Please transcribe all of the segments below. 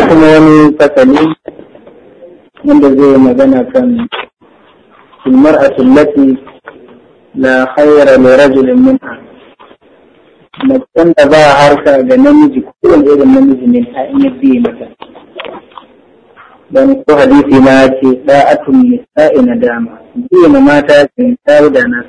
kuma wani fasali wanda zai magana kan المرأة التي لا خير لرجل منها مثلا بقى عارفة ده نمجي كل غير النمجي منها إن يبدي مثلا لأن كو حديثي ما لا أتم نساء ندامة دي ما تاكي نساء دانا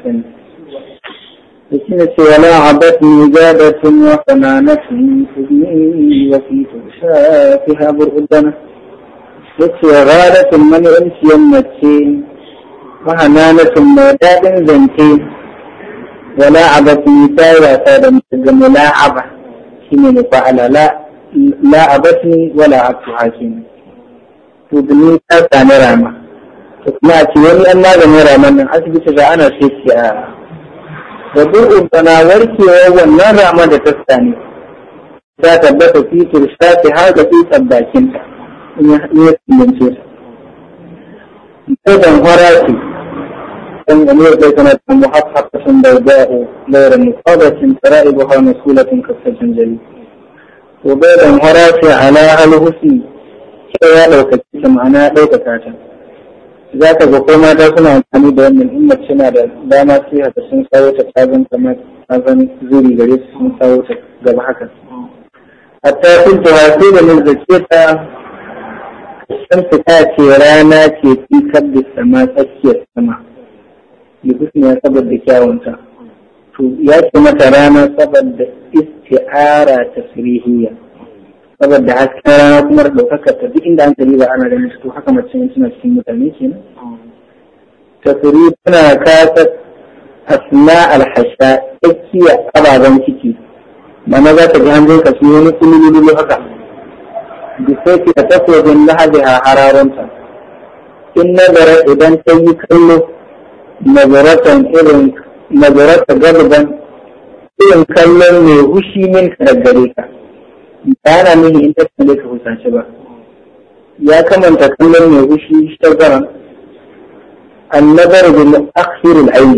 بسم ولا عبد نجابة وحمانة من حزنين وفي تغشافها برغدنا بسم غالة من أنس يمتين وحمانة مرداد زنتين ولا عبد نجابة وحمانة من حزن لا عبد كما نفعل لا لا عبدني ولا عبد حاكم تبني تاتا نرامة تتمعك ولي أن لا نرامة من حسب تجعنا في السعارة da bur'un na warkewar wannan rama da ta sami ta tabbata fi kirshati har da tsitsan bakinta in ya tsinance ta dan harati dan game da kana ta muhaffafatin da ba'u layar muqabatin tara'ibuha masulatin kasajin jali to bai dan harati ala alhusi sai ya dauka ma'ana daukaka ta za ka ga ko mata suna amfani da wannan in mace na da dama sai haka sun kawo ta tsazon kamar tsazon zuri gare su sun kawo ta gaba haka hatta sun tawace da min zace ta san fita ce rana ke tikar da sama tsakiyar sama da husniya da kyawunta to ya ce mata rana saboda isti'ara sirihiyar. تبدا هاد كلام عمر لو فكرت في ان انت يبا انا لمستو حكم السنين سنه في متميسين تقريبا كانت اسماء الحشاء اكي ابادن كيكي ما ما ذات جهان ذو كسيوني كل من اللي حكم بسيكي تتفو بين لهذه حرارن إن نظر إذن تي كل نظرة إذن نظرة قربا إن كل من وشي من كدريكا Tana mihi in ta kalle ka husance ba ya kamanta kallon mai gushi shazaran annabar bil akhir al ayn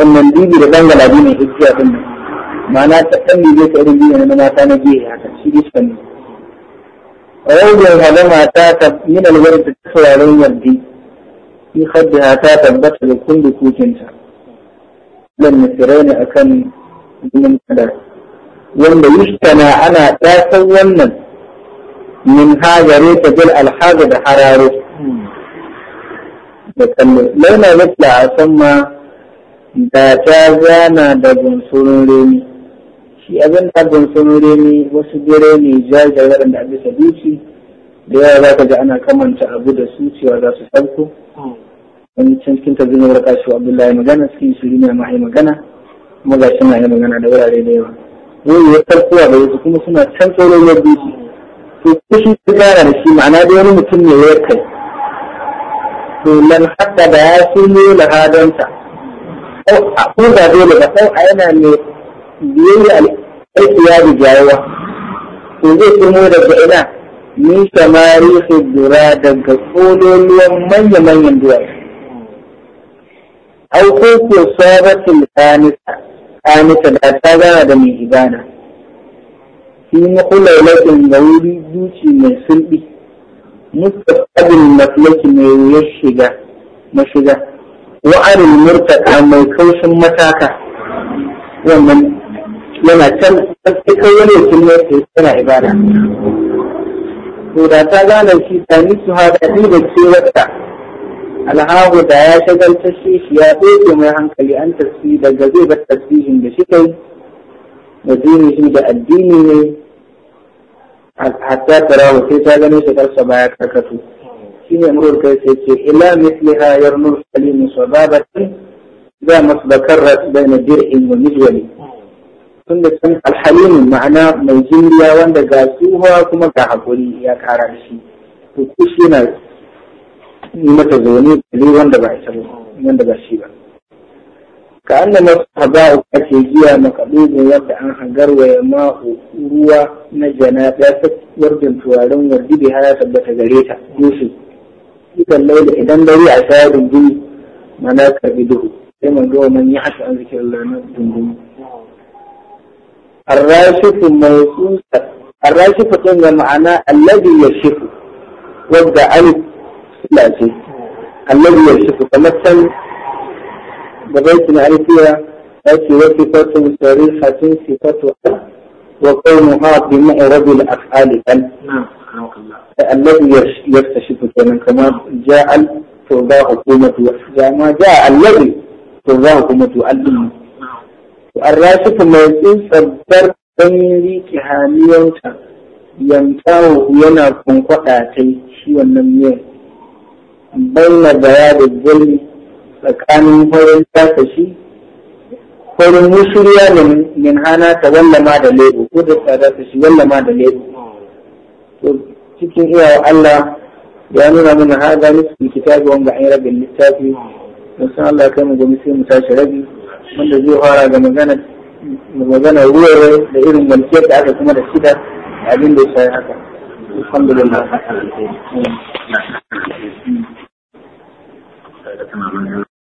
wannan bibi da dangala bi ne hujja din ma'ana ta kalli zai ta irin bibi na mata na gehe haka shi iskan ne rawdin hada mata ta min al ward ta sauraron yardi fi khaddiha ta tabbata da kullu kukinta lan nisirani akan jinin kadar wanda yustana ana ɗasan wannan min hajare ta bil alhaza da hararo da kallo launa a san ma da ta zana da bunsurin remi shi abin da bunsurin remi wasu gere ne jajar waɗanda a bisa duci da yawa za ka ji ana kamanta abu da su cewa za su sauko wani can cikin tarjumar kashi abdullahi magana cikin shirin ya ma'ai magana kuma ga shi na yi magana da wurare da yawa wai ya tarkuwa da wasu kuma suna can tsoron yadda shi to shi ta gara da shi ma'ana da wani mutum ne ya kai to nan haka da ya fi ne lahadanta a ko da dole ba sai a yana ne biyayya aiki ya da jawowa to zai kuma daga ina ni samari su dura daga kololuwan manya-manyan duwatsu. Auko ko sabatin kanisa anisa da ta gana da mai ibana fi makulailatin da wuri zuci mai sulbi mustaqabin maflaki mai wuyar shiga mashiga wa'arin murtaka mai kaushin mataka wannan yana can tsakikar wani kin ne yana ibada to da ta gane shi ta nisu hada da ce wata alhahu da ya shagaltar shi ya ɗauke mai hankali an tasbi daga zai bar tasbihin da shi kai da dinihi da addini ne hatta tara wa sai ta gani shi karsa baya karkatu shi ne murur kai sai ce ila misliha yarnur salimu sababatin za masbakar bayna dir'in wa mijwali tun da can alhalimin ma'ana mai jimriya wanda ga tsuhuwa kuma ga haƙuri ya kara shi to kushi yana yi mata zaune ne wanda ba ita ba wanda ba shi ba ka a haba'u jiya giya makalubin yadda an hangarwa ya ma'u ruwa na jana ya wajen turaren wardi bai haya tabbata gare ta yusuf ikan laila idan dare a shayar dungumi mana ka bi duhu sai man gawa man yi haka an zikin lana dungumi arrashifu mai tsusa arrashifu ɗin ga ma'ana ya shifu wadda alif نأتي الذي يشف تمثل بغيت نعرفها التي وصفة صريحة صفتها وكونها بمعرض الأفعال نعم الذي يكتشف كما جاء ترضى حكومة ما جاء الذي ترضى حكومة الأمة نعم، نعم. الراشف ما يقول صدر تنري كهاليونتا يمتاو ينا كنقطع تيشي ونميه baina bayanin zulmi tsakanin farin tasa shi farin mushiriya da min hana ta wallama da lebo ko da tsada ta shi wallama da lebo to cikin wa Allah ya nuna mana haza nufin kitabi wanda an yi rabin littafi don san Allah kai mu gomi sai mu tashi rabi wanda zai fara ga magana ruwa da irin mulkiyar da aka kuma da shida abin da ya shayi haka alhamdulillah phenomenon